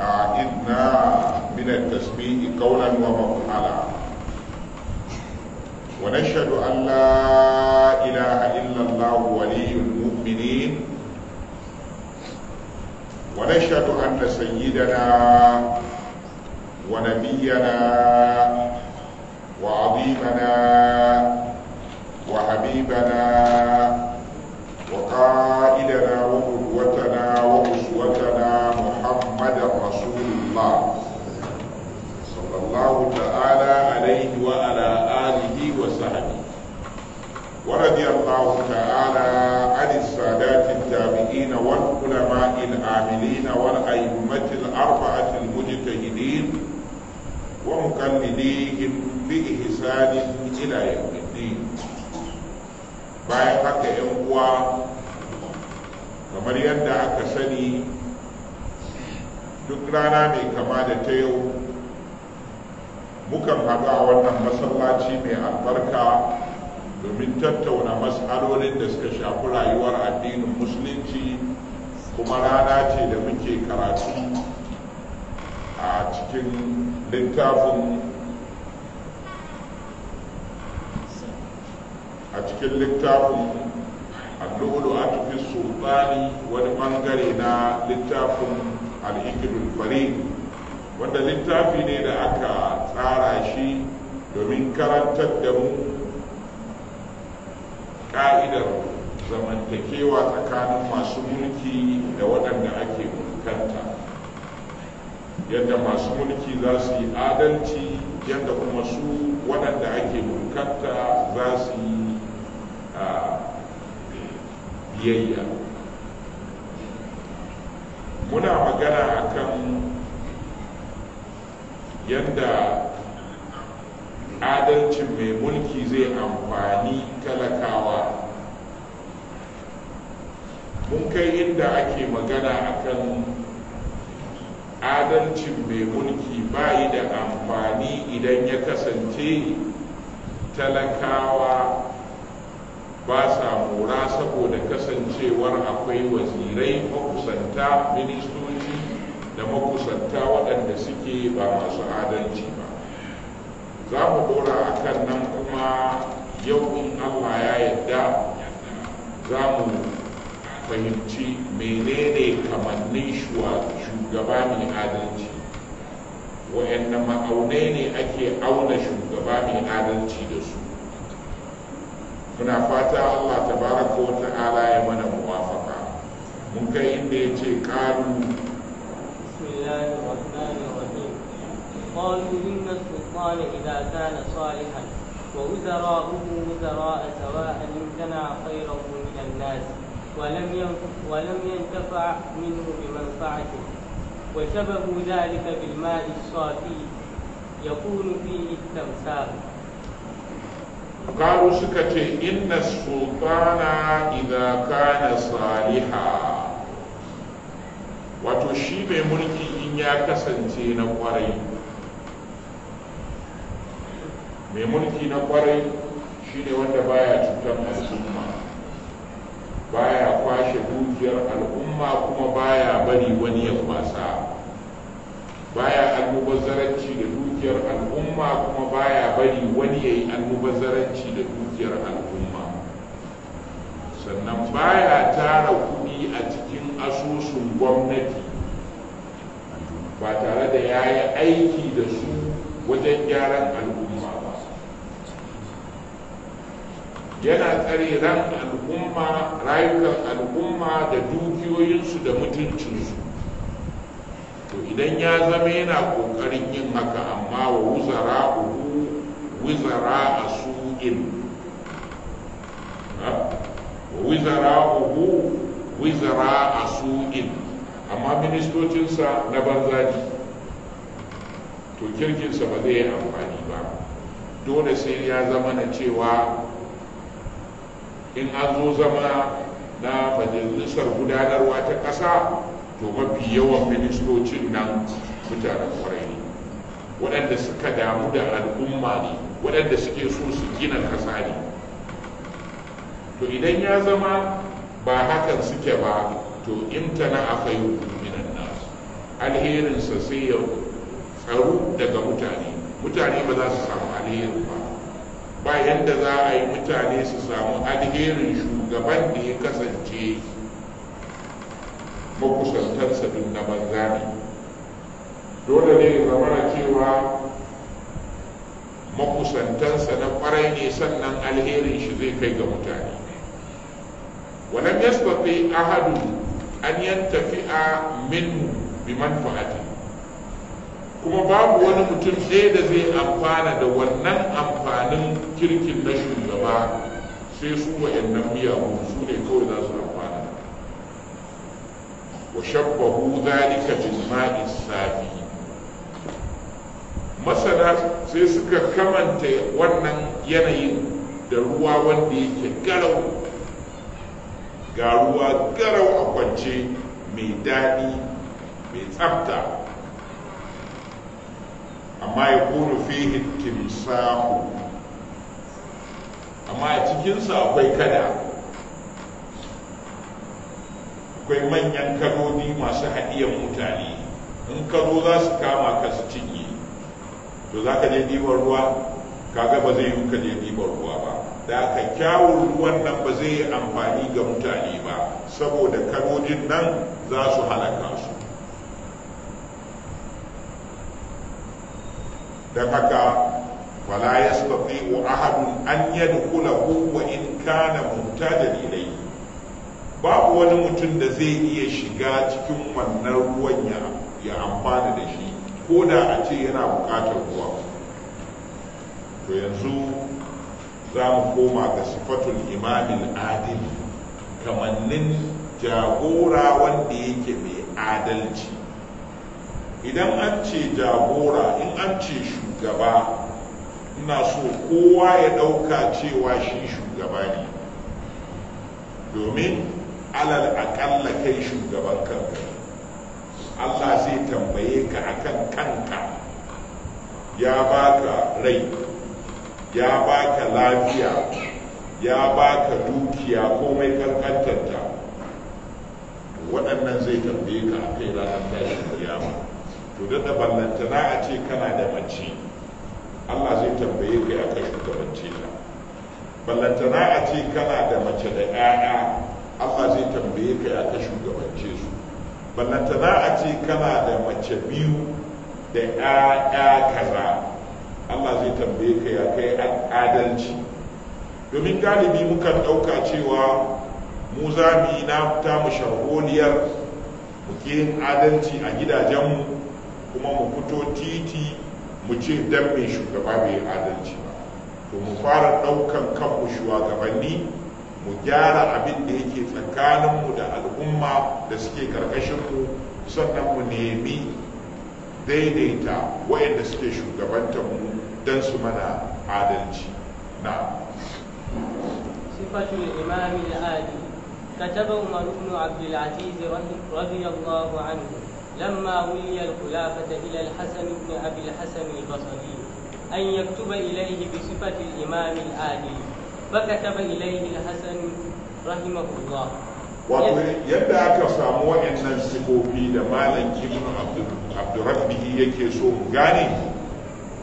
أعدنا من التسبيح قولا ومفعلا ونشهد أن لا إله إلا الله ولي المؤمنين ونشهد أن سيدنا ونبينا وعظيمنا وحبيبنا وقائدنا السهلي ورضي الله تعالى عن السادات التابعين والعلماء العاملين والأئمة الأربعة المجتهدين ومقلديهم بإحسان إلى يوم الدين bayan haka yan uwa kamar yadda aka sani duk rana mai kama da ta yau mukan haɗu a wannan masallaci mai albarka domin tattauna mas'alolin da suka shafi rayuwar addinin musulunci kuma rana ce da muke karatu a cikin littafin a cikin littafin allulu a tafi sultani wani ɓangare na littafin al'ikidul farin wanda littafi ne da aka tsara shi domin karantar da mu ka'idar zamantakewa tsakanin masu mulki da waɗanda ake mulkanta yadda masu mulki za su yi adalci yadda kuma su waɗanda ake mulkanta za su yi biyayya muna magana akan yadda adalcin mai mulki zai amfani talakawa mun kai inda ake magana akan adalcin mai mulki bayi da amfani idan ya kasance talakawa ba sa mura saboda kasancewar akwai wazirai makusanta ministu da makusanta waɗanda suke ba masu adalci ba za mu ɗora a kan nan kuma yau in allah ya yadda za mu fahimci menene kamannin shugaba mai adalci wa'anda ma'aunai ne ake auna shugaba mai adalci da su muna fata allah ta baraka wata ala ya mana muwafaka mun kai inda ya ce ƙaru الله الرحمن الرحيم قالوا إن السلطان إذا كان صالحا ووزراؤه وزراء سواء امتنع خيره من الناس ولم ولم ينتفع منه بمنفعته وشبه ذلك بالمال الصافي يكون فيه التمثال قالوا سكتي إن السلطان إذا كان صالحا وتشيب ملكي ya kasance na kwarai mai mulki na kwarai shi ne wanda baya cutar al'umma baya kwashe dukiyar al'umma kuma baya bari wani ya kwasa baya almubazzaranci da dukiyar al'umma kuma baya bari wani ya yi almubazzaranci da dukiyar al'umma sannan baya tara kuɗi a cikin asusun gwamnati ba tare da ya yi aiki da su wajen gyaran al'umma ba yana tsare ran al'umma rayukan al'umma da dukiyoyinsu da mutuncinsu to idan ya zama yana ƙoƙarin yin haka amma wa wuzara uku wuzara a su'in wuzara uku wuzara a su'in amma ministocinsa na banza ne to kirkinsa ba zai yi amfani ba dole sai ya zama na cewa in an zo zama na majalisar gudanarwa ta ƙasa to mafi yawan ministocin nan mutanen kwarai ne waɗanda suka damu da al'umma ne waɗanda suke so su gina ƙasa ne to idan ya zama ba hakan suke ba to imtana a fayu minan nasu alherinsa sai ya tsaro daga mutane mutane ba za su samu alherin ba ba yadda za a yi mutane su samu alherin shugaban da ya kasance makusantarsa duk na banza ne dole ne na cewa makusantansa na kwarai ne sannan alherin shi zai kai ga mutane ولم يستطيع أحد an tafi'a min bi manfa'ati kuma babu wani mutum ɗaya da zai amfana da wannan amfanin kirkin na shugaba sai su wa'annan miyagu su ne kawai za su amfana wa shabbahu zalika bil ma'i safi masana sai suka kamanta wannan yanayin da ruwa wanda yake garau ga ruwa garau a kwance mai daɗi mai tsafta amma ya kunu fihi timsahu amma a cikinsa akwai kada akwai manyan kaloli masu haɗiyar mutane in kano za su kama ka su cinye to za ka je ɗibar ruwa kaga ba zai yi ka je ɗibar ruwa ba da aka kyawun ruwan nan ba zai yi amfani ga mutane ba saboda kalojin nan za su halaka su don haka wala ya sababi wa ahadun an kula wa in kana da ilayhi babu wani mutum da zai iya shiga cikin wannan ruwan ya amfana da shi ko da a ce yana bukatar ruwa to yanzu za mu koma ga sifatul imamin adil kamannin jagora wanda yake mai adalci idan an ce jagora in an ce shugaba ina so kowa ya ɗauka cewa shi shugaba ne domin alal aƙalla kai shugaban kanka allah zai tambaye ka akan kanka ya baka rai ya baka lafiya ya baka dukiya komai kankantanta waɗannan zai tambaye ka a kai ranar tashin kiyama to da da ballantana a ce kana da mace allah zai tambaye ka ya kai shugabance ta ballantana a ce kana da mace da ƴaƴa, allah zai tambaye ka ya kai shugabance su ballantana a ce kana da mace biyu da ƴaƴa kaza Allah zai tambaye ka ya kai adalci domin galibi mukan ɗauka cewa mu za mu yi na ta mu sharholiyar mu ke yin adalci a gidajenmu kuma mu fito titi mu ce dan mai shugaba bai adalci ba to mu fara ɗaukan kanmu shugabanni mu gyara abin da yake tsakaninmu da al'umma da suke karkashinmu sannan mu nemi daidaita waɗanda suke shugabantar mu don su mana adalci na sifatul imam al-adi kataba umar ibn abd al-aziz radiyallahu لما ولي الخلافة إلى الحسن بن أبي الحسن البصري أن يكتب إليه بصفة الإمام العادل فكتب إليه الحسن رحمه الله wato yadda aka samu waɗannan sifofi da malam ibn abdurrabbihi yake so mu gane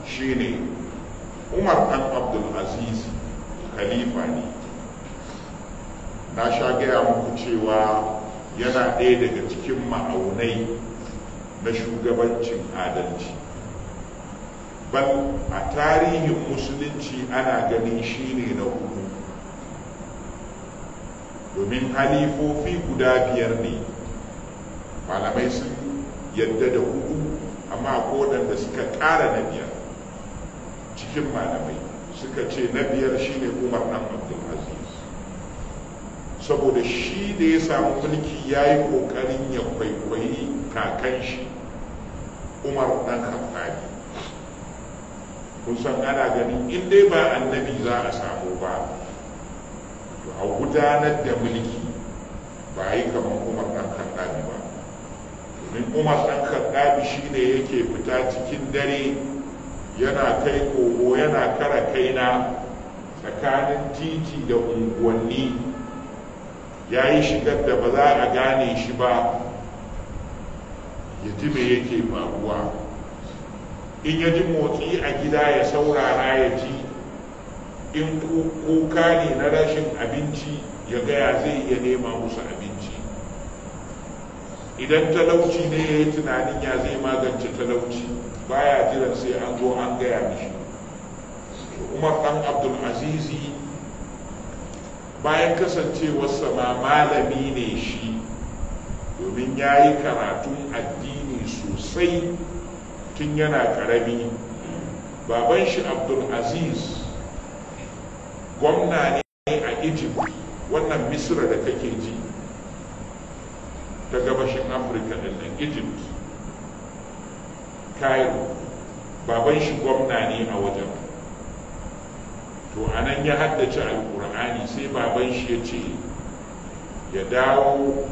shine umar ɗan abdul aziz khalifa ne na sha gaya muku cewa yana ɗaya daga cikin ma'aunai na shugabancin adalci Ban a tarihin musulunci ana ganin shi ne na hudu domin halifofi guda biyar ne malamai sun yadda da hudu amma ko da suka ƙara na biyar cikin malamai suka ce na biyar shine umar dan abdul aziz saboda shi da ya samu mulki ya yi ƙoƙarin ya kwaikwayi kakan shi umar ɗan hafari kun san ana gani in dai ba annabi za a samu ba a gudanar da mulki ba yi kamar umar ɗan hafari ba domin umar ɗan khattabi shi ne yake fita cikin dare yana kai kogo yana kara kaina tsakanin titi da unguwanni ya yi shigar da ba za a gane shi ba ya ji me yake faruwa in ya ji motsi a gida ya saurara ya ji in kuka ne na rashin abinci ya gaya zai iya nema musu abinci idan talauci ne ya yi tunanin ya zai magance talauci baya jiran sai an zo an gaya mishi umar dan abdul azizi bayan kasancewarsa ma malami ne shi domin ya yi karatun addini sosai tun yana karami baban shi abdul aziz gwamna ne a egypt wannan misira da kake ji ta gabashin afirka ɗin egypt cairo baban shi gwamna ne a wajen to anan ya haddace alkur'ani sai baban shi ya ce ya dawo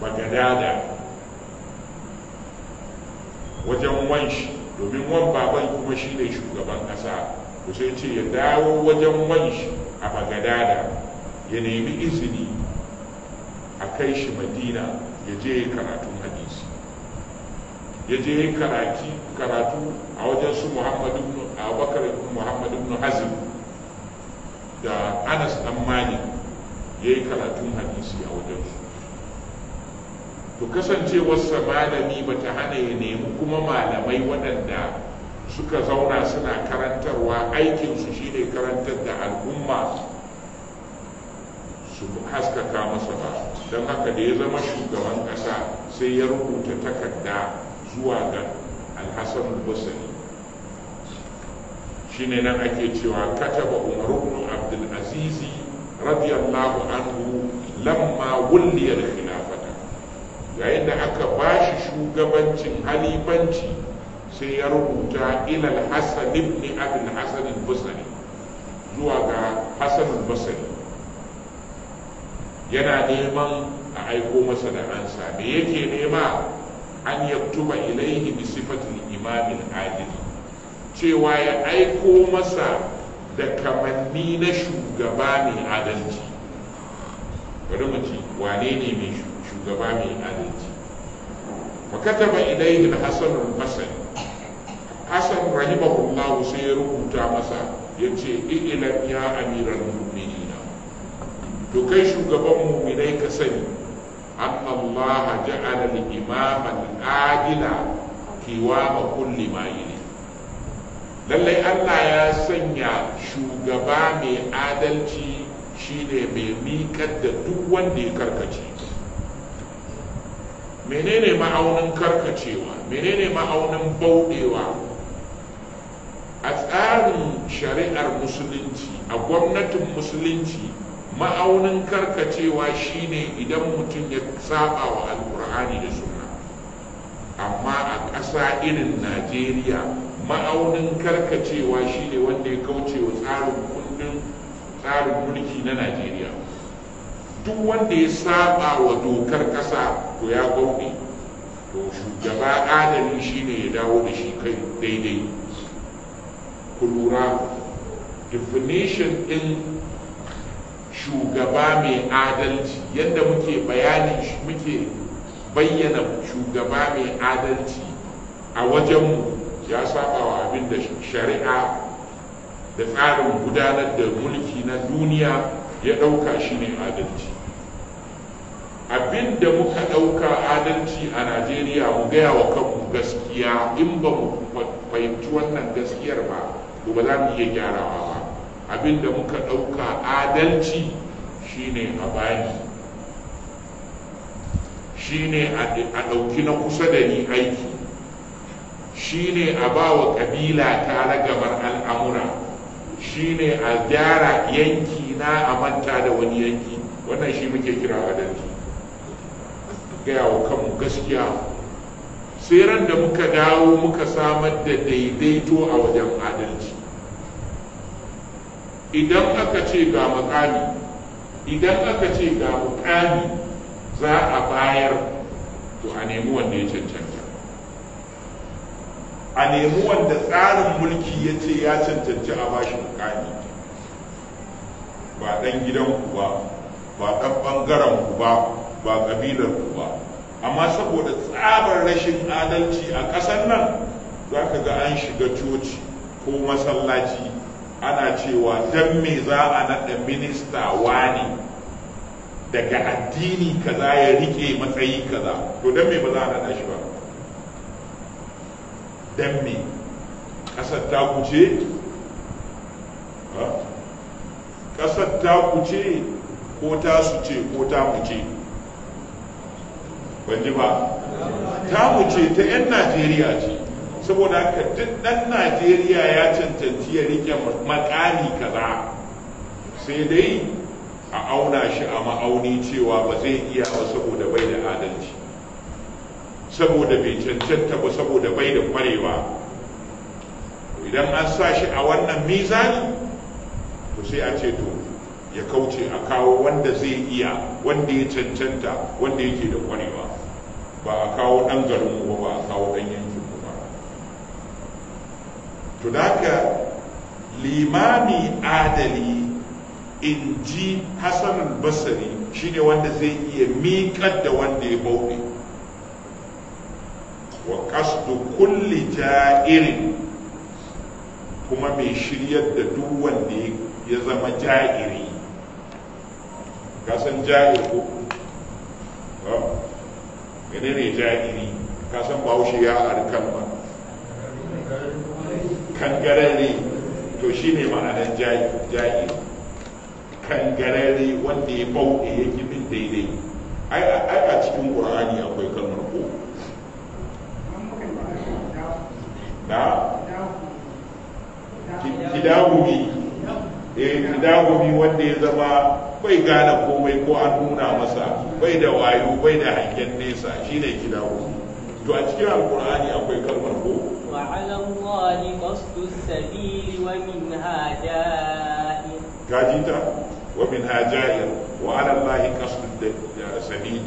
bagadada wajen wanshi domin wan baban kuma shi ne shugaban ƙasa to sai ce ya dawo wajen wanshi a bagadada ya nemi izini a kai shi madina ya je karatu ya je ya karatu a wajen su muhammad ibn abubakar ibn muhammad ibn hazim da anas dan mani ya yi karatu hadisi a wajen su to kasance kasancewarsa malami ba ta hana ya nemi kuma malamai waɗanda suka zauna suna karantarwa aikinsu shine karantar da al'umma su haskaka masa ba don haka da ya zama shugaban ƙasa sai ya rubuta takarda zuwa ga alhassan shi shine nan ake cewa kataba umar ibn abdul aziz radiyallahu anhu lamma wulliya khilafata yayin da aka ba shi shugabancin halibanci sai ya rubuta ilal al ibn abdul hasan zuwa ga hasan Bussani. yana neman a aiko masa da ansa da yake nema an yaktuba ilaihi bi sifatin imamin adili cewa ya aiko masa da kamanni na shugaba mai adalci bari mu ci wane ne mai shugaba mai adalci fa kataba ilaihi al-hasan al-basri hasan rahimahullah sai ya rubuta masa yace ilan ya amiran mu'minina to kai shugaban mu'minai ka sani أن الله جعل الإمام العادل قوام كل ما يلي lallai Allah ya sanya shugaba mai adalci shine mai miƙar da duk wanda ya karkace menene ma'aunin karkacewa menene ma'aunin bauɗewa a tsarin shari'ar musulunci a gwamnatin musulunci ma'aunin karkacewa shine idan mutum ya saba wa alkur'ani da suna amma a ƙasa irin najeriya ma'aunin karkacewa shine wanda ya kauce wa tsarin kundin tsarin mulki na najeriya duk wanda ya saba wa dokar ƙasa to ya gauɗe to shugaba adali shine ya dawo da shi kai daidai ku lura definition ɗin shugaba mai adalci yadda muke bayanin shi muke bayyana shugaba mai adalci a wajenmu ya saba wa abin da shari'a da tsarin gudanar da mulki na duniya ya ɗauka shi ne adalci abin da muka ɗauka adalci a najeriya mu gaya wa kanmu gaskiya in ba mu fahimci wannan gaskiyar ba ba za mu iya gyarawa ba abin da muka ɗauka adalci shine a bani shine a ɗauki na kusa da ni aiki shine a ba wa ƙabila ta ragamar al'amura shine a gyara yanki na a manta da wani yanki wannan shi muke kira adalci gaya wa kanmu gaskiya sai ran da muka dawo muka samar da daidaito a wajen adalci idan aka ce ga mukami idan aka ce ga mukami za a bayar to a nemi wanda ya cancanta a nemi wanda tsarin mulki ya ce ya cancanci a bashi mukami ba ɗan gidanku ba ba ɗan ɓangarenku ba ba ƙabilarku ba amma saboda tsabar rashin adalci a ƙasar nan za ka ga an shiga coci ko masallaci ana cewa dan me za a naɗa minista wani daga addini kaza ya rike matsayi kaza to dan me ba za a naɗa shi ba dan me ƙasar ta kuce ƙasar ta kuce ko ta su ce ko ta kuce ban ji ba ta kuce ta 'yan najeriya ce saboda haka duk ɗan najeriya ya cancanci ya rike makami kaza sai dai a auna shi a ma'auni cewa ba zai iya ba saboda bai da adalci saboda bai cancanta ba saboda bai da kwarewa idan an sa shi a wannan mizani to sai a ce to ya kauce a kawo wanda zai iya wanda ya cancanta wanda yake da kwarewa ba a kawo ɗan garin ba a kawo ɗan yanki to da limami adali in ji hassanul basari shine wanda zai iya miƙar da wanda ya bauɗe wa kasdu kulli ja'irin kuma mai shiryar da duk wanda ya zama ja'iri kasan jairi ko ne ja'iri kasan bahaushe ya harkar ba kangararre to shi ne ma'anar ja'i kangararre wanda ya bauɗe ya ƙi bin daidai ai a cikin ƙur'ani akwai kalmar ko da kidahumi eh wanda ya zama bai gane komai ko an nuna masa bai da wayo bai da hangen nesa shine kidahumi to a cikin alkur'ani akwai kalmar ko وعلى الله قصد السبيل ومنها جائر كاجيتا ومنها جائر وعلى الله قصد السبيل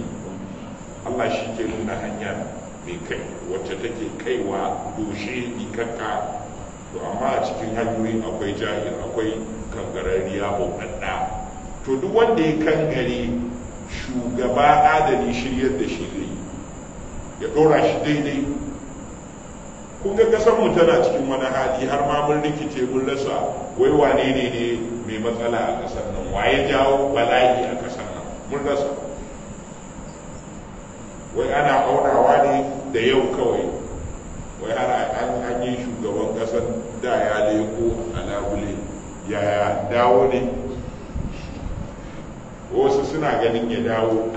الله شيكي لنا هنيا mai kai wacce take kaiwa doshe ikakka to amma a cikin hanyoyin akwai jahil akwai kangararriya bauɗaɗɗa to duk wanda ya kangare shugaba adali shiryar da shi ya ɗora shi daidai kun ga kasar mu tana cikin wani hali har ma mun rikice mun rasa wai wane ne ne mai matsala a kasar nan waye jawo bala'i a kasar nan mun rasa wai ana aunawa ne da yau kawai wai har an yi shugaban kasar da ya leko a labule yaya dawo ne wasu suna ganin ya dawo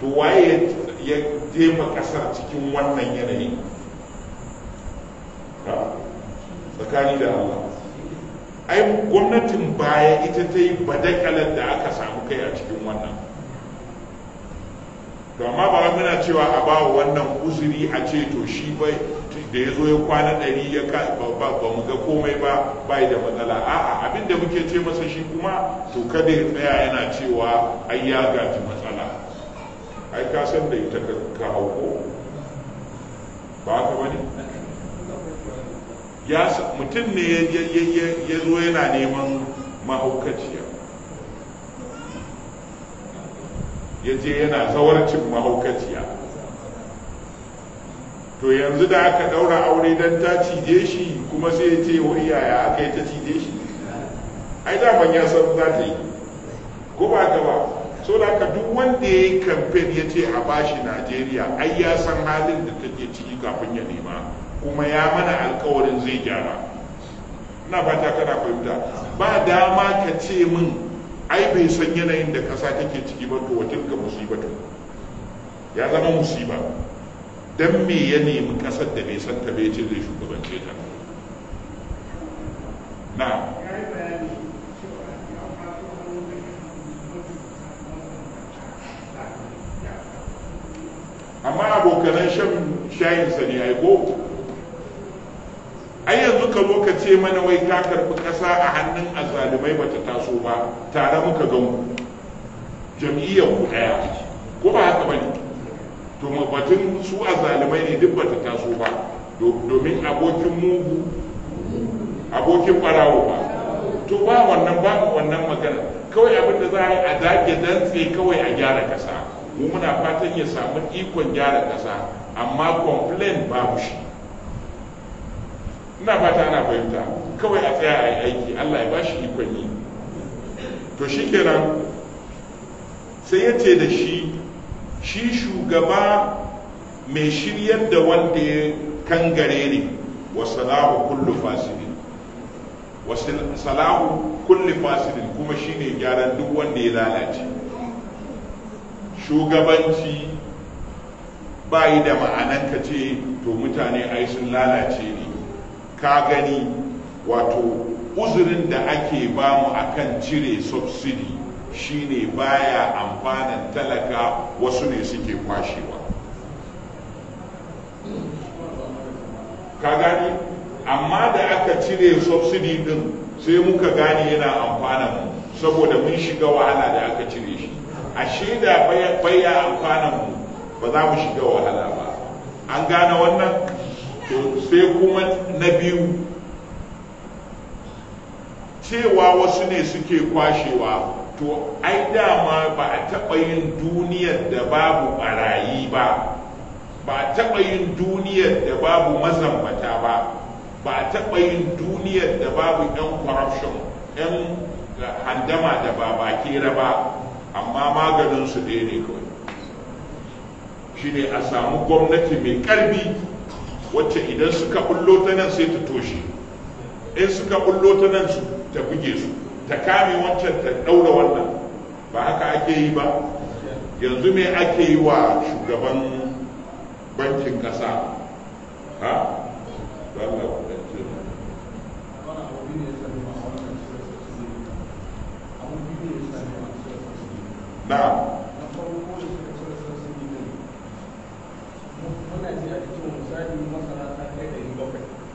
to waye ya jefa kasar cikin wannan yanayin tsakani da Allah ai gwamnatin baya ita ta yi badakalar da aka samu kai a cikin wannan to amma ba muna cewa a ba wannan uzuri a ce to shi bai da ya zo ya kwana ɗari ya ba mu ga komai ba bai da matsala a'a abin da muke ce masa shi kuma to kada ya tsaya yana cewa ai ya gaji matsala ai ka san da ita ka hauko ba ka bane mutum ne ya zo yana neman mahaukaciya ya je yana zawarcin mahaukaciya to yanzu da aka daura aure don ta cije shi kuma sai ya ce wani yaya aka yi ta cije shi ai daman ya san za ta yi ko ba ta ba so da ka duk wanda ya yi kamfen ya ce a bashi najeriya ai ya san halin da take ciki kafin ya nema kuma ya mana alkawarin zai gyara ina fata kana fahimta ba dama ka ce min ai bai san yanayin da kasa take ciki ba to wajen ka musibatu ya zama musiba Don me ya nemi ƙasar da bai san ta bai ce zai shugabance ta na amma abokanan shan shayin shayinsa ne ko? ai yanzu ka zo ka ce mana wai ka karɓi ƙasa a hannun azalumai bata taso ba tare muka gan ku jam'iyyar ku ɗaya ko ba haka bane to batun su azalumai ne duk bata taso ba domin abokin mugu abokin ɓarawo ba to ba wannan ba wannan magana kawai abin da za a yi a dage dantse kawai a gyara ƙasa mu muna fatan ya samu ikon gyara ƙasa amma complain babu shi ina fata ana fahimta kawai a tsaya a yi aiki allah ya bashi shi ikon yi to shi kenan sai ya ce da shi shi shugaba mai shiryar da wanda ya kangare ne wa salahu kullu fasidin wa salahu kulli fasidin kuma shi ne gyaran duk wanda ya lalace shugabanci ba yi da ma'anar ka ce to mutane ai sun lalace ne ka gani wato uzurin da ake bamu akan cire subsidi shine baya amfanin talaka wasu ne suke kwashewa ka gani amma da aka cire subsidi din sai muka gani yana amfanin saboda mun shiga wahala da aka cire shi ashe da baya amfanin mu ba za mu shiga wahala ba an gane wannan to sai kuma na biyu cewa wasu ne suke kwashewa to ai dama ba a taɓa yin duniyar da babu barayi ba ba a taɓa yin duniyar da babu mazambata ba ba a taɓa yin duniyar da babu 'yan corruption 'yan handama da ba ba amma maganinsu ɗaya ne kawai shi ne a samu gwamnati mai ƙarfi wacce idan suka bullo ta nan sai ta toshe in suka bullo ta nan su ta buge su ta kame wancan ta daura wannan ba haka ake yi ba yanzu me ake yi wa shugaban bankin kasa ha na muna ji a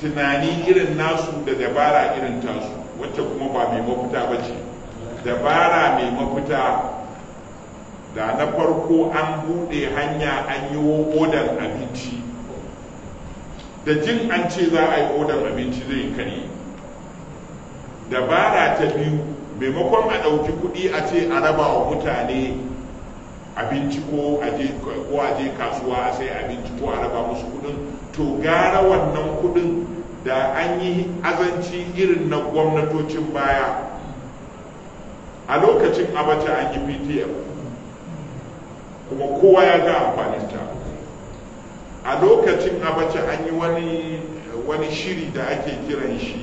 tunani irin nasu da dabara irin tasu wacce kuma ba mai mafita ba ce dabara mai mafita da na farko an buɗe hanya an yi odan abinci da jin an ce za a yi odan abinci zai kare dabara ta biyu maimakon a ɗauki kuɗi a ce a raba wa mutane abinci ko aje kasuwa sai abinci ko a raba musu kudin to gara wannan kudin da an yi azanci irin na gwamnatocin baya a lokacin abaca an yi ptf kuma kowa ya ga amfaninta a lokacin abaca an yi wani wani shiri da ake kiran shi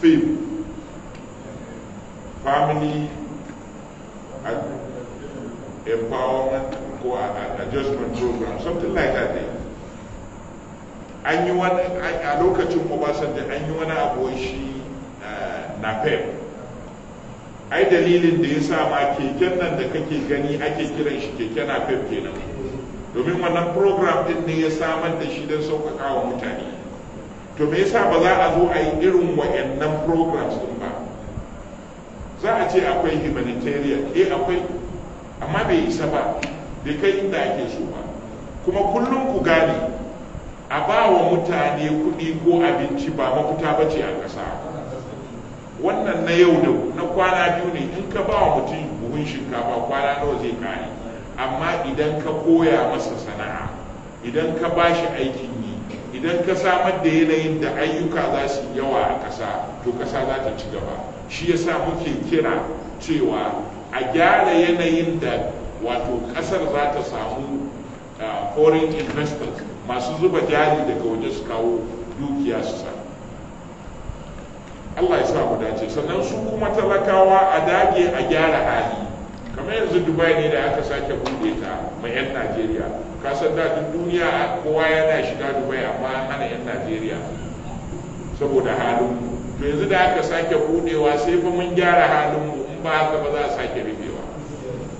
fim family empowerment ko adjustment program something like that ne an yi wani a lokacin da an yi wani abu shi na pep ai dalilin da ya sa ma keken nan da kake gani ake kiran shi keke na pep kenan domin wannan program din ne ya samar da shi don sauƙaƙa wa mutane to me yasa ba za a zo a yi irin wa'annan programs din ba za a ce akwai humanitarian eh akwai amma bai isa ba bai kai inda ake so ba kuma kullum ku gane a ba wa mutane kuɗi ko abinci ba mafita ba ce a ƙasa wannan na yau da na kwana biyu ne in ka ba wa mutum buhun shinkafa kwana nawa zai kare amma idan ka koya masa sana'a idan ka ba shi aikin yi idan ka samar da yanayin da ayyuka za su yawa a ƙasa to ƙasa za ta ci gaba shi yasa muke kira cewa a gyara yanayin da wato kasar za ta samu foreign investors masu zuba jari daga waje su kawo dukiya su sa Allah ya sa mu dace sannan su kuma talakawa a dage a gyara hali kamar yanzu dubai ne da aka sake bude ta mai 'yan najeriya kasar da duk duniya kowa yana shiga dubai amma hana 'yan najeriya saboda halin to yanzu da aka sake budewa sai fa mun gyara halin mu ba haka ba za a sake rufewa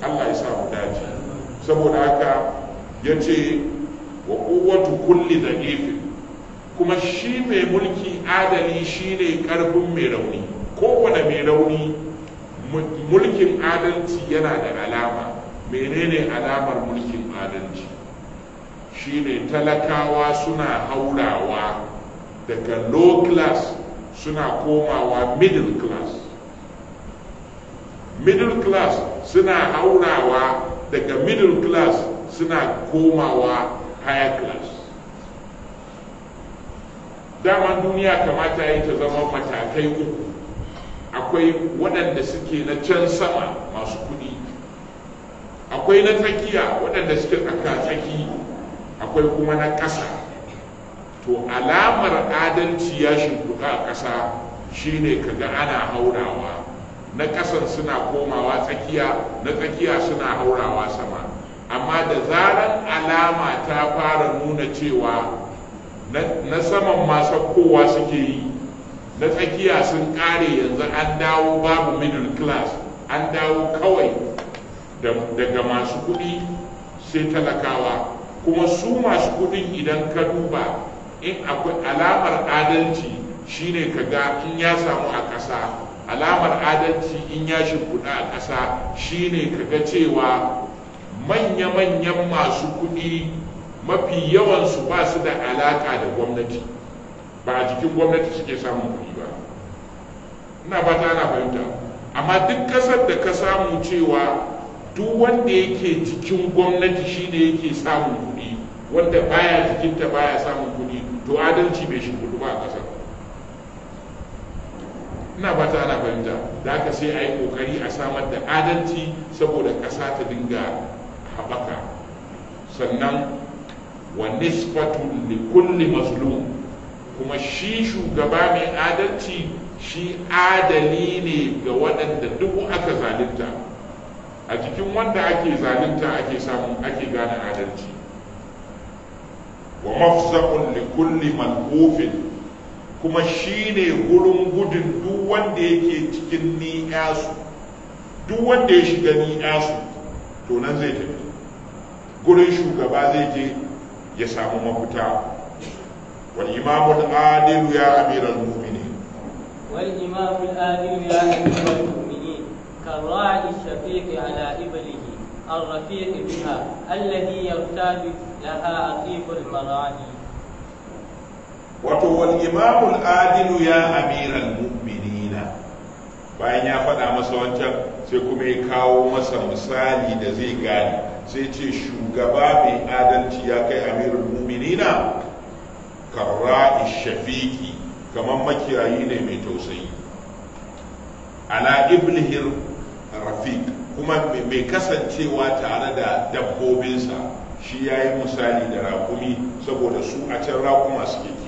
Allah ya sa mu dace saboda haka ya ce wa kowace kulli da kuma shi mai mulki adali shi ne karfin mai rauni kowane mai rauni mulkin adalci yana da alama menene alamar mulkin adalci shine talakawa suna haurawa daga low class suna komawa middle class middle class suna haurawa daga middle class suna komawa higher class dama duniya kamata yi ta zama matakai uku akwai waɗanda suke na can sama masu kuɗi akwai na tsakiya waɗanda suke tsaka-tsaki akwai kuma na ƙasa to alamar adalci ya shimfiɗa a ƙasa shine kaga ana haurawa. na kasan suna komawa tsakiya na tsakiya suna haurawa sama amma da zaran alama ta fara nuna cewa na saman masu kowa suke yi na tsakiya sun kare yanzu an dawo babu middle class an dawo kawai daga masu kudi sai talakawa kuma su masu kudin idan ka duba in akwai alamar adalci shine ka ga in ya samu a ƙasa alamar adalci in ya shimfiɗa a ƙasa shine kaga cewa manya-manyan masu kuɗi mafi yawansu ba su da alaƙa da gwamnati ba a jikin gwamnati suke samun kuɗi ba ina ba ta ana fahimta amma duk ƙasar da ka samu cewa duk wanda yake jikin gwamnati shine yake samun kuɗi wanda baya jikinta baya samun kuɗi to adalci bai shi kuɗi ba a ƙasar ina ba ta ana fahimta da haka sai a yi ƙoƙari a samar da adalci saboda ƙasa ta dinga haɓaka sannan wa nisfatu li kulli mazlum kuma shi shugaba mai adalci shi adali ne ga waɗanda duk aka zalunta a jikin wanda ake zalunta ake samun ake gane adalci wa mafsaqun li kulli manqufin kuma shine gurin gudun duk wanda yake cikin ni'asu duk wanda ya shiga ni'asu to nan zai tafi gurin shugaba zai je ya samu mafita wal imamu al-adilu ya amir al-mu'minin wal imamu al-adilu ya amir al-mu'minin كالراعي الشفيق على إبله الرفيق بها الذي يرتاد لها عقيب المراعي wato wal imamul adilu ya amiral mu'minina bayan ya faɗa masa wancan sai kuma ya kawo masa misali da zai gane sai ce shugaba mai adalci ya kai amirul mu'minina karra'i shafiki kamar makiyayi ne mai tausayi ala iblihir rafiq kuma mai kasancewa tare da dabbobinsa shi ya yi misali da rakumi saboda su a can rakuma suke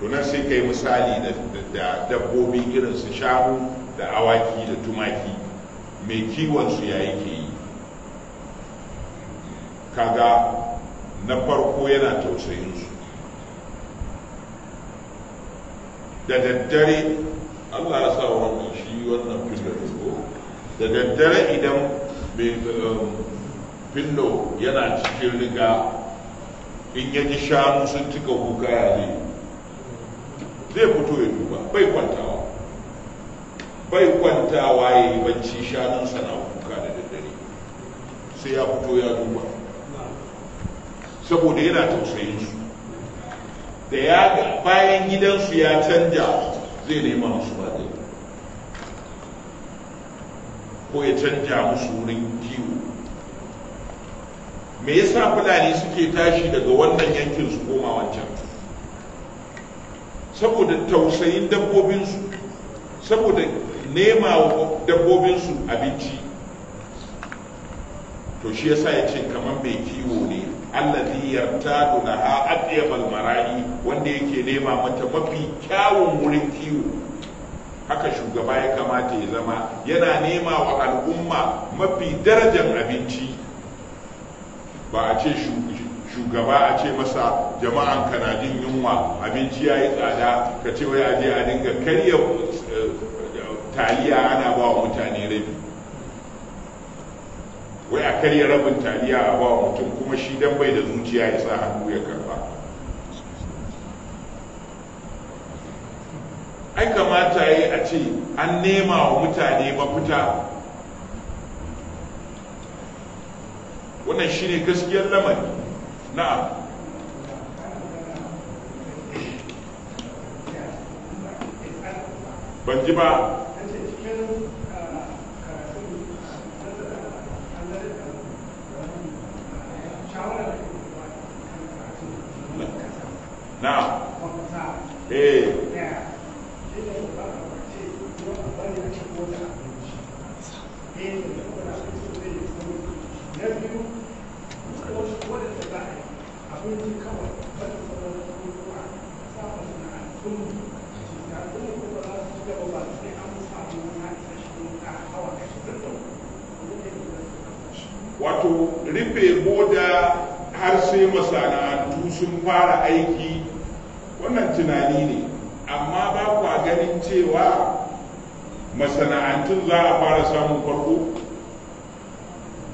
to sai ka yi misali da dabbobi irin su shanu da awaki da tumaki mai kiwon su ya ke yi kaga na farko yana tausayin su da daddare Allah ya sa wannan shi wannan fillo da daddare idan um, fillo yana cikin riga in yaji shanu sun cika kuka ya zai zai fito ya duba bai kwantawa bai kwantawa ya yi bacci shanunsa na kuka da daddare sai ya fito ya duba saboda yana tausayin su da ya ga bayan gidansu ya canja zai nema musu ba zai ko ya canja musu wurin kiwo me yasa fulani suke tashi daga wannan yankin su koma wancan saboda tausayin dabbobinsu saboda nema dabbobinsu abinci to shi yasa ya ce kamar mai kiwo ne allazi yartadu laha adyabal mara'i wanda yake nema mata mafi kyawun wurin kiwo haka shugaba ya kamata ya zama yana nema wa al'umma mafi darajar abinci ba a ce shugaba shugaba a ce masa jama'an kana jin yunwa abinci ya yi tsada ka ce wai aje a dinga karya eh, taliya ana ba wa mutane rabi wai a karya rabin taliya a ba wa mutum kuma shi dan bai da zuciya ya sa hannu ya karba ai kamata yi a ce an nema wa mutane mafita wannan shi ne gaskiyar lamari na'am ban ba na'am eh wato rufe boda har sai masana'antu sun fara aiki wannan tunani ne amma ba kwa ganin cewa masana'antun za a fara samun farko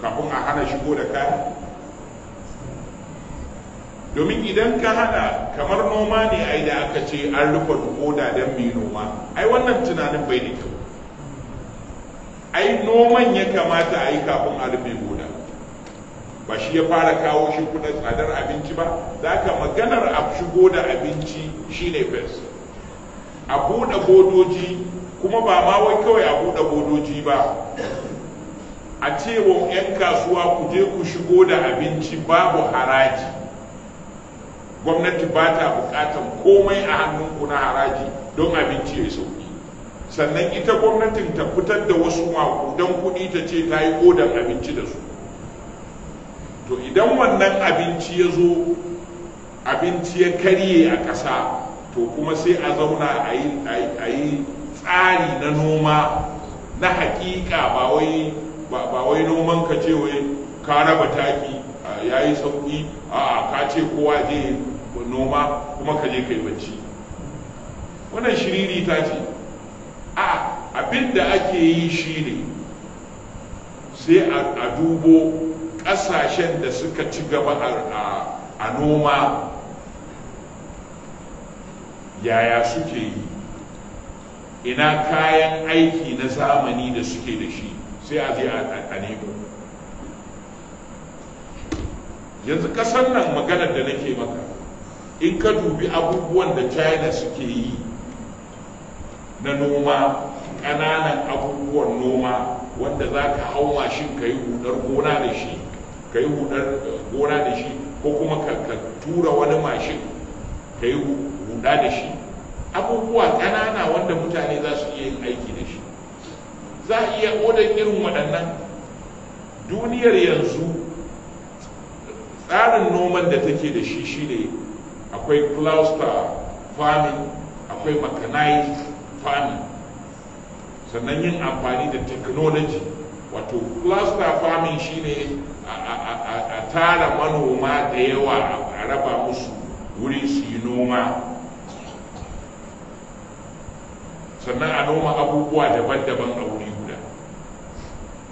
kafin a hana shigo da kayan domin idan ka hana kamar noma ne yi da aka ce an rufe boda don mai noma ai wannan tunanin bai da kyau ai noman ya kamata a yi kafin a rufe boda ba shi ya fara kawo shi kuna tsadar abinci ba za ka maganar a shigo da abinci shine fes a buɗe bodoji kuma ba ma wai kawai a buɗe bodoji ba a cewa 'yan kasuwa ku je ku shigo da abinci babu haraji gwamnati ba ta bukatan komai a hannunku na haraji don abinci ya sauki sannan ita gwamnatin ta fitar da wasu don kuɗi ta ce ta yi odan abinci da su to idan wannan abinci ya zo abinci ya karye a ƙasa to kuma sai a zauna a yi tsari na noma na hakika ba wai noman ka ce wai ka raba taki ya yi sauƙi a ka ce kowa je noma kuma ka je kai bacci wannan shiriri ta ce a abin da ake yi shi ne sai a dubo ƙasashen da suka ci gaba a noma yaya suke yi ina kayan aiki na zamani da suke da shi sai a zai a nemo yanzu kasar nan maganar da nake maka in ka dubi abubuwan da china suke yi na noma ƙananan abubuwan noma wanda za ka hau mashin ka yi hudar gona da shi ka yi hudar gona da shi ko kuma ka tura wani mashin ka yi huda da shi abubuwa ƙanana wanda mutane za su iya yin aiki da shi za a iya odar irin waɗannan duniyar yanzu tsarin noman da take da shi shine akwai cluster farming akwai mechanized farming sannan yin amfani da technology wato cluster farming shine a tara manoma da yawa a raba musu wurin su yi noma sannan a noma abubuwa daban-daban a wuri guda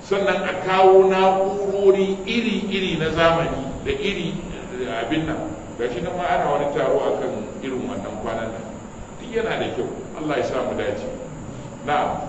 sannan a kawo na'urori iri-iri na zamani da iri abin nan ga shi nan ma ana wani taro akan irin wannan kwanan nan duk yana da kyau allah ya samu dace na'am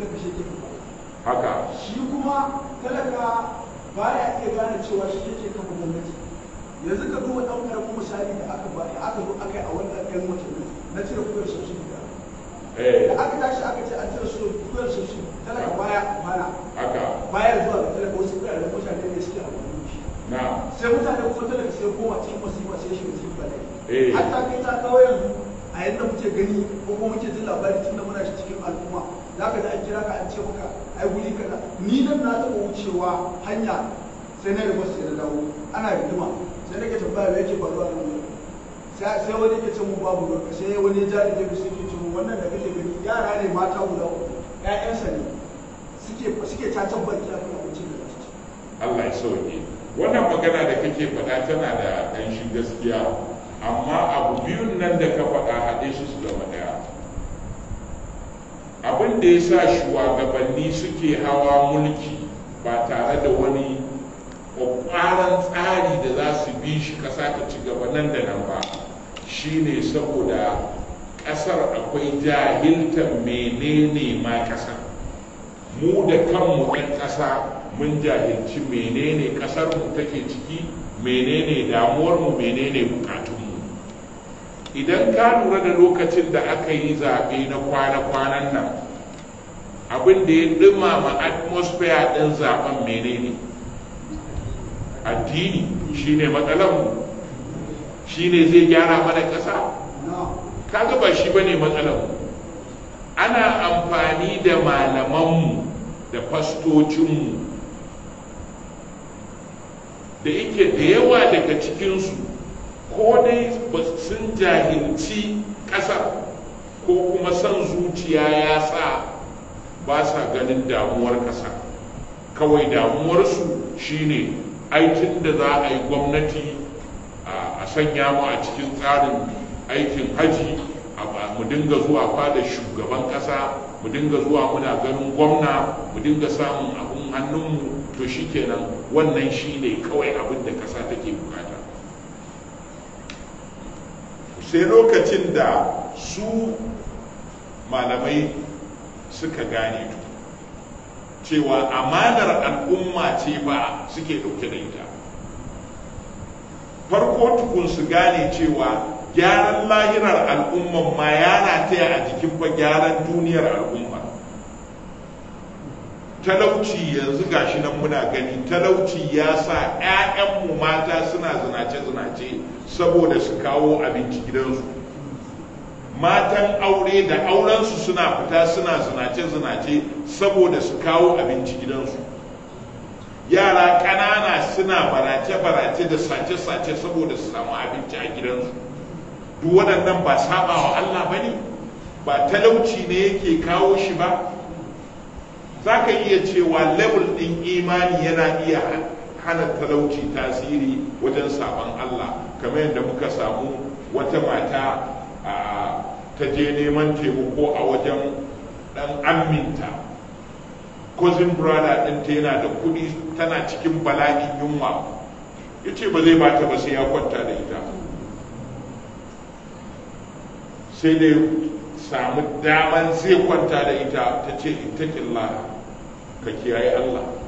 haka shi kuma talaka baya iya gane cewa shi yake kan gwamnati yanzu ka duba ɗan ƙaramin misali da aka ba aka zo aka yi a wannan ɗan watanni na cire kuɗin subsidi da eh. da aka tashi aka ce an cire su kuɗin subsidi talaka baya mana bayar zuwa ga talaka wasu kuɗaɗen mutane ne suke amfani shi sai mutane kuma talaka sai koma cikin masifa sai shi mutum ba dai hatta kai ta kawo yanzu a yadda muke gani ko kuma muke jin labari tun da muna shi cikin al'umma za ka ji an kira ka an ce maka ai guri kaza ni nan na taɓa wucewa hanya sai na rubuta sai na dawo ana rigima sai ke tambaya me yake faruwa da gurin sai wani ke ce mu babu ruwa sai wani jari da su ke ce mu wannan da kake gani yara ne mata guda uku ƴaƴansa ne suke suke cacan baki a kan abincin da ci Allah ya sauke wannan magana da kake faɗa tana da ƙanshin gaskiya amma abu biyun nan da ka faɗa haɗe su su zama ɗaya abin da ya sa shugabanni suke hawa mulki ba tare da wani kwakwaran tsari da za su bi shi ƙasa ta ci gaba nan da nan ba shine saboda ƙasar akwai jahiltar menene ma ƙasa mu da kanmu ɗan ƙasa mun jahilci menene ƙasar mu take ciki menene damuwar mu menene bukatu idan ka lura da lokacin da aka yi zaɓe na kwana-kwanan nan abin da ya ɗumama atmosphere ɗin zaɓen menene addini shine matsalanmu shine zai gyara mana ƙasa ka ba shi ne matsalanmu ana amfani da malamanmu da fastocinmu da yake da yawa daga cikinsu ko dai sun jahilci ƙasa, ko kuma son zuciya ya sa ba sa ganin damuwar ƙasa kawai damuwarsu shine aikin da za a yi gwamnati a sanya mu a cikin tsarin aikin haji mu dinga zuwa fada shugaban ƙasa mu dinga zuwa muna ganin gwamna mu dinga samun abin hannunmu to shi shikenan wannan shine kawai abin da ƙasa take sai lokacin da su malamai suka gane cewa amanar al'umma ce ba suke ɗauke da ita farko tukun su gane cewa gyaran lahirar al'umman ma yana taya a jikin ba gyaran duniyar al'umma talauci yanzu gashi nan muna gani talauci ya sa 'ya'yanmu mata suna zinace-zinace saboda su kawo abinci gidansu matan aure da aurensu suna fita suna zinace-zinace saboda su kawo abinci gidansu yara ƙanana suna barace-barace da sace-sace saboda su samu abinci a gidansu duk waɗannan ba saba wa Allah ba ne ba talauci ne yake kawo shi ba za ka iya cewa level ɗin imani yana iya hana talauci tasiri wajen sabon Allah kamar yadda muka samu wata mata ta je neman taimako a wajen dan aminta cousin brother ɗinta yana da kuɗi tana cikin bala'in yunwa ya ce ba zai bata ba sai ya kwanta da ita sai dai samu daman zai kwanta da ita ta ce ita ka kiyaye Allah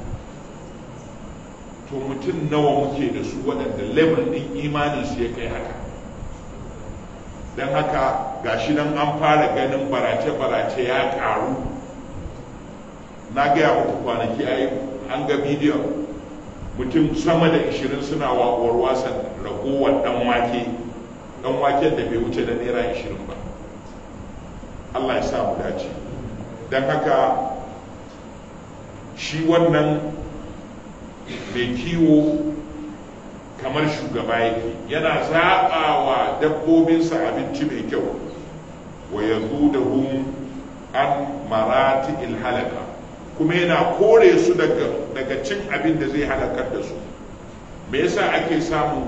to mutum nawa muke da su waɗanda level ɗin imanin su ya kai haka don haka gashi nan an fara ganin barace-barace ya ƙaru na gaya muku kwanaki an ga bidiyon mutum sama da ishirin suna waƙuwar wasan ragowar ɗan wake ɗan waken da bai wuce da naira ishirin ba allah ya sa mu dace don haka shi wannan mai kiwo kamar shugaba yake yana zaɓawa dabbobinsa abinci mai kyau wa ya da hun an marati ilhalaka kuma yana kore su daga cin abin da zai halakar da su me yasa ake samun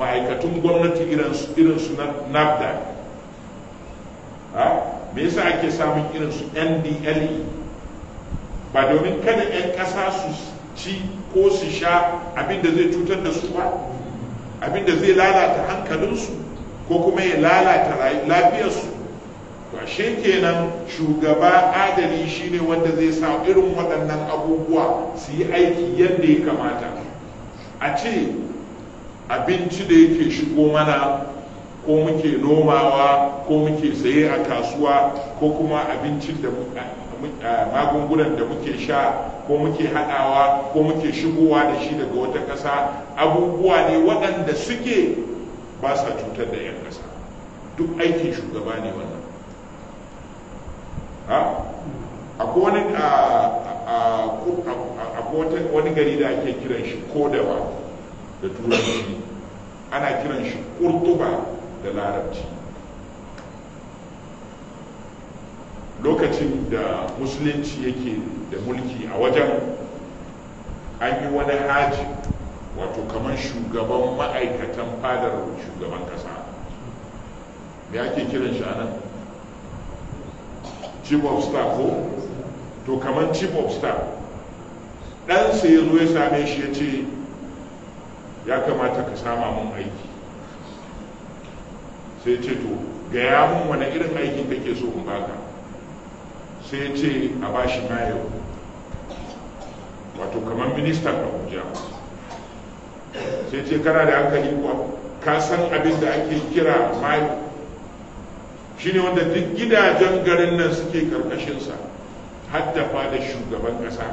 ma'aikatun gwamnati irin su nafda me yasa ake samun irin su ndle ba domin kada 'yan ƙasa su ci ko su sha abinda zai cutar da su ba abinda zai lalata hankalinsu ko kuma ya lalata lafiyarsu shi ashe kenan shugaba adali shine wanda zai sa irin waɗannan abubuwa su yi aiki yadda ya kamata a ce abinci da yake shigo mana ko muke nomawa ko muke saye a kasuwa ko kuma abincin da magungunan da muke sha ko muke haɗawa ko muke shigowa da shi daga wata ƙasa abubuwa ne waɗanda suke ba sa cutar da 'yan ƙasa duk aikin shugaba ne wannan a wani gari da ake kiran shi kodawa da turanci ana kiran shi kurtuba da larabci lokacin da musulunci yake da mulki a wajen an yi wani haji wato kamar shugaban ma'aikatan fadar shugaban kasa me ake kiran shi anan chief of staff ko to kamar chief of staff ɗansa ya zo ya same shi ya ce ya kamata ka sama mun aiki sai ce to gaya mun wani irin aikin kake so in baka sai ya ce a bashi mayo wato kamar ministan abuja sai ce kana da hankali kuwa ka san abin da ake kira mayo shine wanda duk gidajen garin nan suke karkashinsa haddafa da shugaban kasa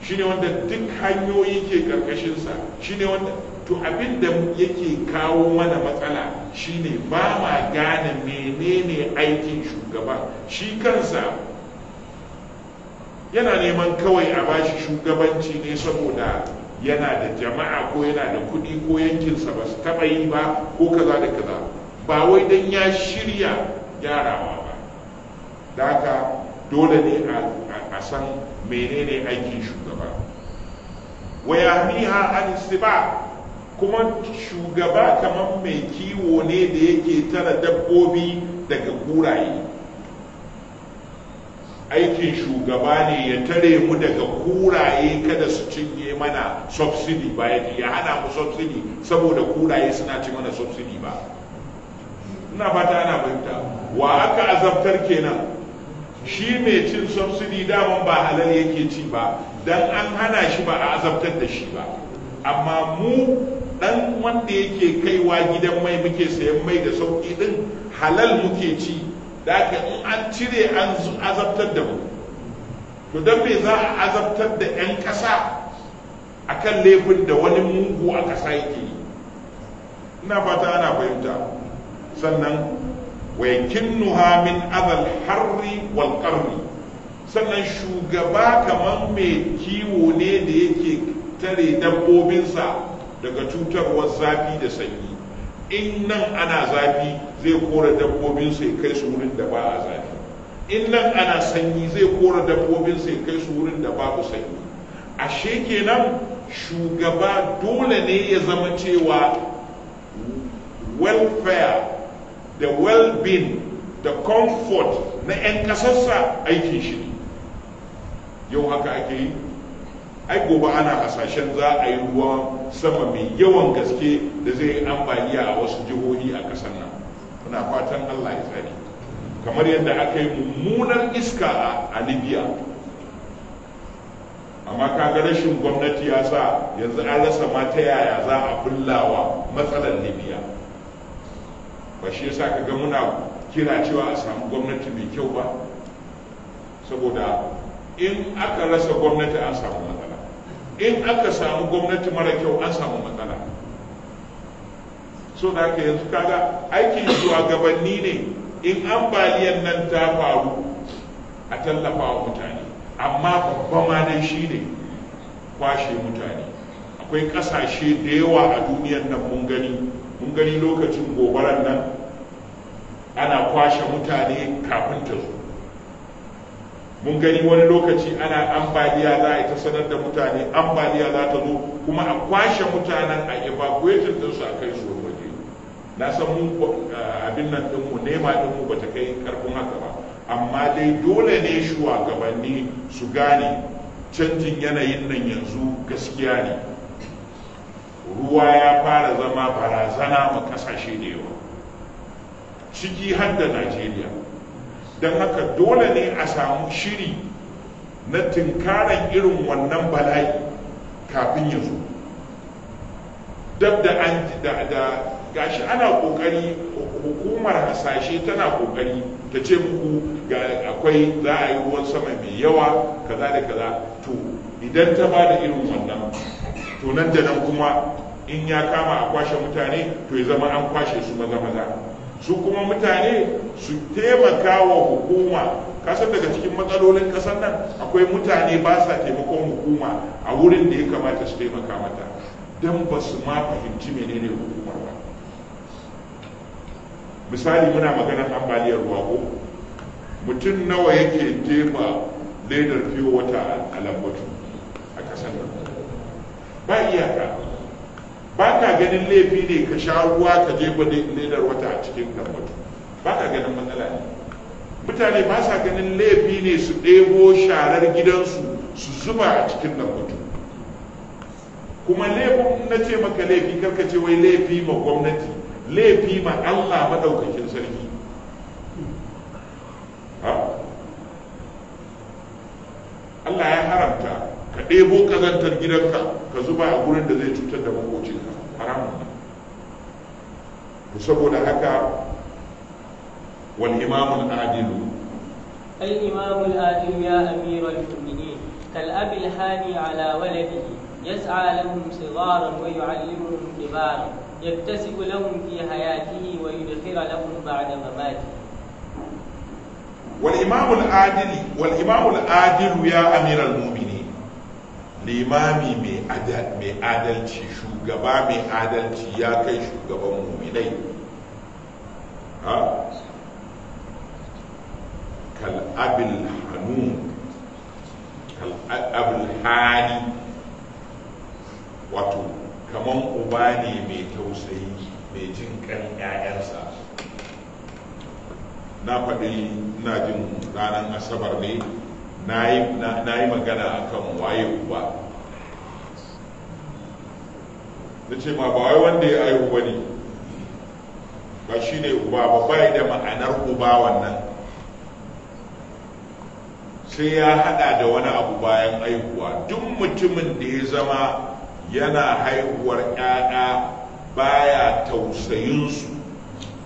shine wanda duk hanyoyi ke karkashinsa shine wanda to abin da yake kawo mana matsala shine ba ma gane menene aikin shugaba shi kansa yana neman kawai a bashi shugabanci ne saboda yana da jama'a ko yana da kuɗi ko yankinsa ba su taɓa yi ba ko kaza da kaza ba wai don ya shirya gyarawa ba da haka dole ne a san menene aikin shugaba wayahniha an ba? kuma shugaba kamar mai kiwo ne da yake tara dabbobi daga kuraye aikin shugaba ne ya tare mu daga kuraye kada su cinye mana subsidi ba ya hana mu subsidi saboda kuraye suna ci mana subsidi ba ina fata ana fahimta wa aka azabtar kenan shi mai cin da daman ba halal yake ci ba dan an hana shi ba a azabtar da shi ba amma mu dan wanda yake kaiwa gidan mai muke sayan mai da sauki din halal muke ci da in an cire an azabtar da mu to don me za a azabtar da 'yan ƙasa a kan laifin da wani mugu a ƙasa yake yi ina fata ana fahimta sannan wai min azal harri wal qarri sannan shugaba kamar mai kiwo ne da yake tare dabbobinsa daga cutarwar zafi da sanyi in nan ana zafi zai kora dabbobin sai kai su wurin da ba a zafi in nan ana sanyi zai kora dabbobin sai kai su wurin da babu sanyi ashe nan shugaba dole ne ya zama cewa welfare da well-being da comfort na 'yan kasarsa aikin shi yau haka ake yi ai gobe ana hasashen za a yi ruwan sama mai yawan gaske da zai yi ambaliya a wasu jihohi a ƙasar nan muna fatan Allah ya tsare kamar yadda aka yi mummunan iska a Libya amma kaga rashin gwamnati ya sa yanzu an rasa mata yaya za a bullawa matsalar Libya ba shi yasa ga muna kira cewa a samu gwamnati mai kyau ba saboda in aka rasa gwamnati an samu matsala in aka samu gwamnati mara kyau an samu matsala so da haka yanzu kaga aikin shugabanni ne in ambaliyan nan ta faru a tallafa wa mutane amma babba ma shi ne kwashe mutane akwai ƙasashe da yawa a duniyan nan mun gani mun gani lokacin gobarar nan ana kwashe mutane kafin ta zo mun gani wani lokaci ana ambaliya za a ta sanar da mutane ambaliya za ta zo kuma a kwashe mutanen a evacuating din su a kai su na san mu abin nan ɗinmu nema ɗinmu ba ta kai karfin haka ba amma dai dole ne shugabanni su gane canjin yanayin nan yanzu gaskiya ne ruwa ya fara zama barazana ma kasashe da yawa ciki har da najeriya don haka dole ne a samu shiri na tunkaran irin wannan bala'i kafin yanzu? zo dab da an da gashi ana kokari hukumar hasashe tana kokari ta ce muku ga akwai za a yi ruwan sama mai yawa kaza da kaza to idan ta ba da irin wannan to nan da nan kuma in ya kama a kwashe mutane to ya zama an kwashe su maza maza su kuma mutane su taimaka wa hukuma kasar daga cikin matsalolin kasar nan akwai mutane ba sa taimakon hukuma a wurin da ya kamata su taimaka mata don ba su ma fahimci menene hukuma misali muna maganar ambaliyar ruwa ko mutum nawa yake jefa ledar fiye wata a lambatu a ƙasar nan ba iyaka ba ka ganin laifi ne ka sha ruwa ka jefa ledar wata a cikin lambatu ba ka ganin matsala ne mutane ba sa ganin laifi ne su ɗebo sharar gidansu su zuba a cikin lambatu kuma laifin na ce maka laifi karkace ce wai laifi ma gwamnati laifi ma Allah madaukakin sarki Allah ya haramta ka ɗebo ƙazantar gidanka ka zuba a gurin da zai cutar da makocinka haramun ne saboda haka wal imamul adilu الإمام العادل يا أمير المؤمنين كالأب ala على yas'a lahum sigaran wa yu'allimuhum كبارا يكتسب لهم في حياته ويدخر لهم بعد مماته والإمام العادل والإمام العادل يا أمير المؤمنين limami mai adalci shugaba mai adalci ya kai shugaban muminai ha kal'abil hanun wato kamar uba ne mai tausayi mai jin kan 'ya'yansa na faɗi na jin ranar asabar ne na yi magana akan waye uba na ce ma ba wai wanda ya aihu ba ne ba shi ne uba ba bai da ma'anar uba wannan sai ya hada da wani abu bayan aihuwa duk mutumin da ya zama yana haihuwar ƴaƴa baya tausayinsu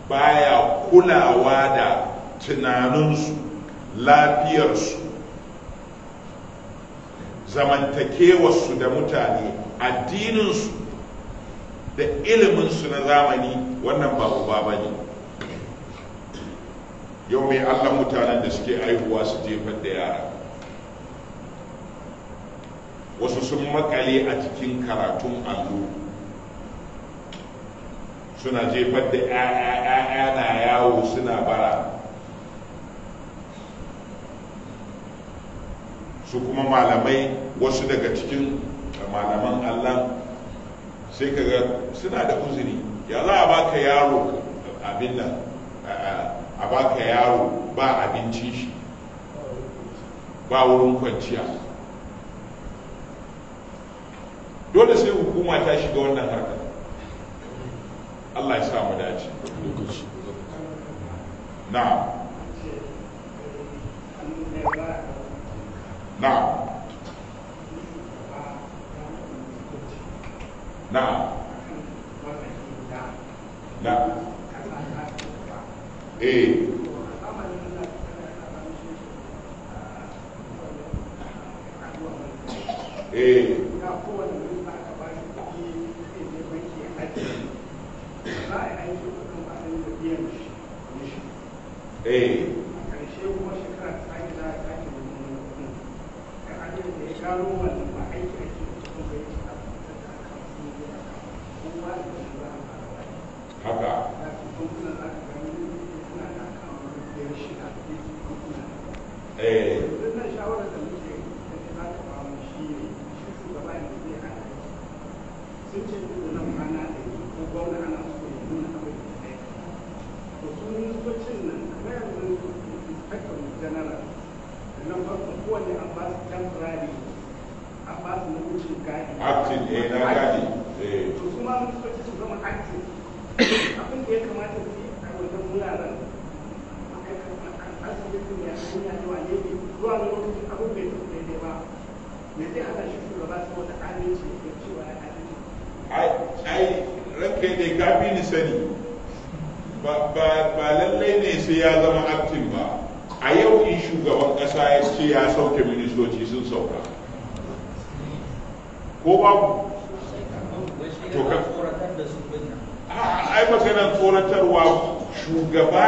baya kulawa da tunaninsu lafiyarsu zamantakewarsu da mutane addininsu da iliminsu na zamani wannan ba uba ba ne yau mai allah mutanen da suke haihuwa su jefar da yara wasu sun makale a cikin karatun allo suna jefar da 'ya'ya na yawo suna bara su kuma malamai wasu daga cikin malaman allah sai kaga suna da uzuri ya za a baka yaro abin a baka yaro ba abincin shi ba wurin kwanciya dole sai hukuma ta shiga wannan harkar Allah ya sa mu dace Na. na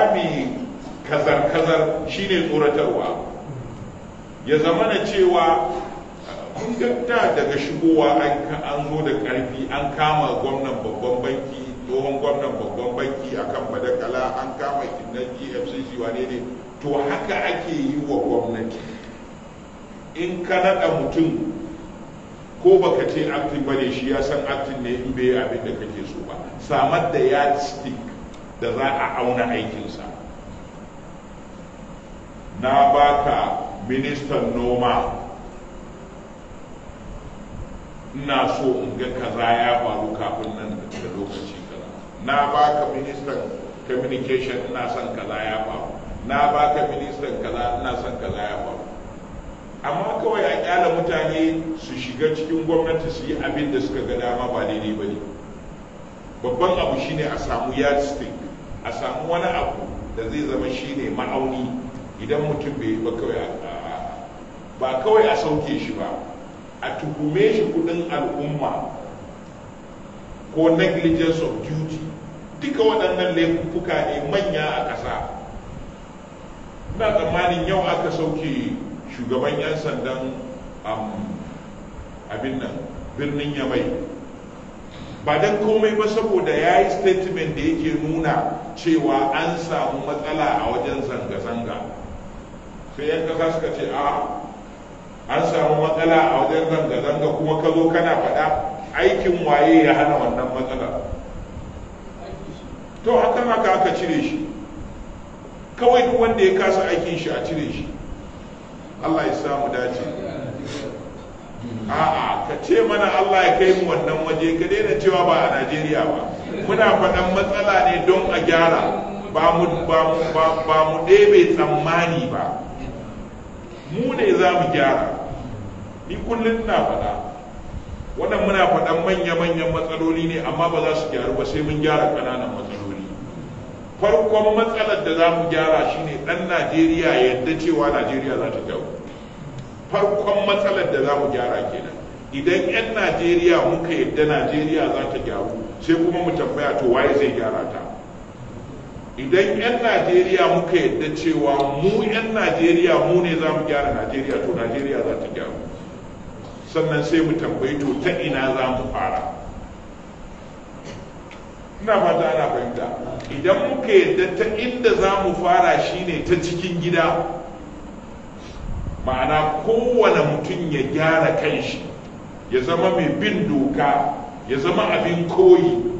rami kazar-kazar shi ne tsoratarwa ya zama na cewa kun daga shigowa an zo da ƙarfi an kama gwamnan babban banki tsohon gwamnan babban banki a akan badakala an kama kinnan efcc wane ne to haka ake yi wa gwamnati in ka naɗa mutum ko baka ce aktin ba ne shi ya san aktin ne in bai abin da kake so ba samar da yardstick da za a auna aikinsa na baka ministan noma ina so in ga kaza ya faru kafin nan da lokaci kaza na baka ministan communication ina son kaza ya faru na baka ministan kaza ina son kaza ya faru amma kawai a kyala mutane su shiga cikin gwamnati su yi abin da suka ga dama ba daidai ba ne babban abu shine a samu yardstick a samu wani abu da zai zama shine ma'auni idan mutum bai ba kawai ba kawai a sauke shi ba a tuhume shi kudin al'umma ko negligence of duty duka waɗannan laifuka ne manya a ƙasa na tsammanin yau aka sauke shugaban 'yan sandan abin nan birnin yamai ba don komai ba saboda ya yi statement da yake nuna cewa an samu matsala a wajen zanga-zanga sai yan kasa suka ce a an samu matsala a wajen zanga-zanga kuma ka zo kana faɗa aikin waye ya hana wannan matsala to haka ka aka cire shi kawai duk wanda ya kasa aikin shi a cire shi allah ya samu dace a'a ka ce mana allah ya kai mu wannan waje ka daina cewa ba a najeriya ba muna faɗan matsala ne don a gyara ba mu ɗebe tsammani ba mu ne za mu gyara ni kullum na faɗa wannan muna faɗan manya-manyan matsaloli ne amma ba za su gyaru ba sai mun gyara ƙananan matsaloli farkon matsalar da za mu gyara shine ɗan najeriya yadda cewa najeriya za ta gyaru farkon matsalar da za mu gyara kenan idan 'yan najeriya muka yadda najeriya za ta gyaru sai kuma mu tambaya to waye zai gyara ta idan 'yan najeriya muka yadda cewa mu 'yan najeriya mu ne za mu gyara najeriya to najeriya za ta gyaru sannan sai mu tambayi to ta ina za mu fara ina fata ana fahimta idan muka yadda ta inda za mu fara shine ta cikin gida ma'ana kowane mutum ya gyara kanshi ya zama mai bin doka ya zama abin koyi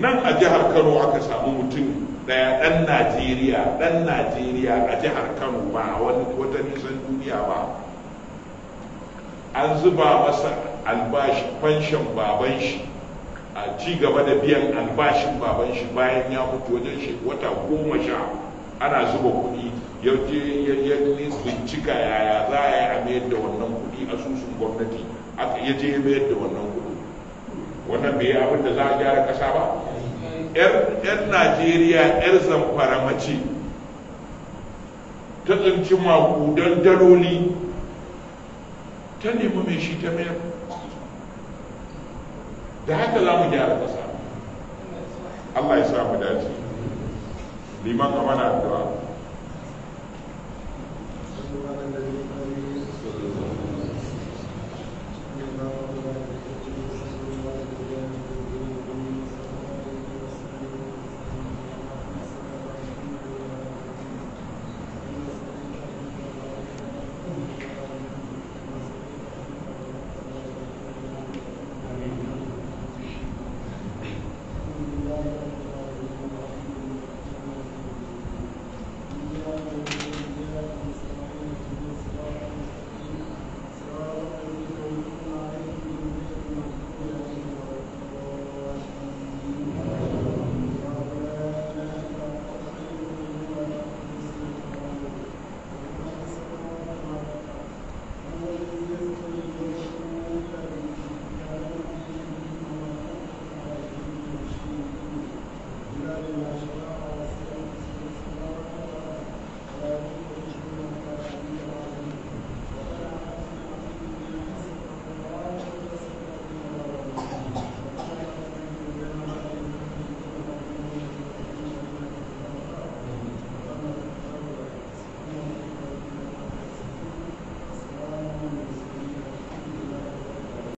nan a jihar kano aka samu mutum daya dan najeriya dan najeriya a jihar kano ba wani wata nisan duniya ba an zuba masa albashi fanshan baban shi a ci gaba da biyan albashin baban shi bayan ya mutu wajen shi wata goma sha ana zuba kuɗi ya je bincika yaya za a yi a mayar da wannan kuɗi asusun gwamnati ya je ya mayar da wannan wannan bai abin da za a gyara kasa ba yar najeriya yar zamfara mace ta tsinci makudan daloli ta nemi mai shi ta mayar da haka za mu gyara kasa allah ya samu dace liman na addu'a